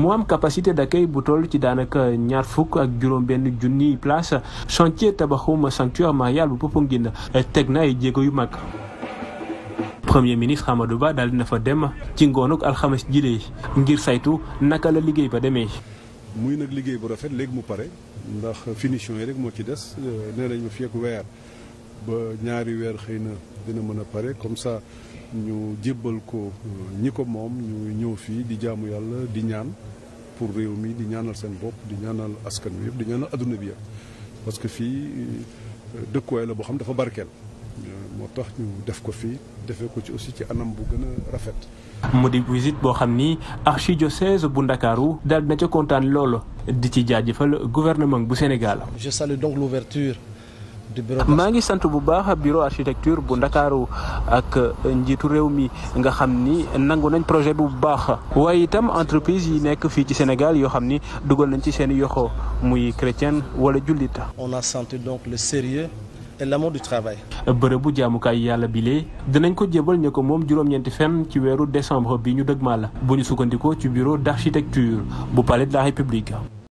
mu am capacité d'accueil bu toll ci daanaka ñaar fukk ak juróom-benn junniy place chantier tabaxum sanctuaire marial bu Popenguine teg na ay jéego yu mag. premier ministre Amadou Ba daal na fa dem ci ngoonuk alxames jile ngir saytu naka la liggéey ba demee. muy nag liggéey bu rafet léegi mu pare ndax finition yi rek moo ci des nee nañu fi ak weer ba ñaari weer xëy na. dina mën a pare comme ça ñu jébbal ko euh, ñi ko moom ñu ñëw fii di jaamu yàlla di ñaan pour réew mi di ñaanal seen bopp di ñaanal askan wi yëpp di ñaanal adduna bi yëpp parce que fii euh, dëkkuwaay la boo xam dafa barkeel moo tax ñu def ko fii defee ko ci aussi ci anam bu gën a rafet. mu di visite boo xam ni archidiocèse bu Ndakaaru daal na ca kontaan loolu di ci jaajëfal gouvernement bu Sénégal. Je salue donc l'ouverture maa ngi sant bu baax bureau architecture bu ndakaaru ak njiitu réew mi nga xam ni nangu nañ projet bu baax waaye itam entreprise yi nekk fii ci Sénégal yoo xam ni dugal nañ ci seen yoxo muy chrétien wala jullit. on a donc le sérieux et l'amour du travail. bërëbu jaamukaay yàlla bile dinañ ko jébal ña ko moom juróom-ñeenti fenn ci weeru décembre bi ñu maa la bu ñu sukkandikoo ci bureau d' architecture bu palais de la république.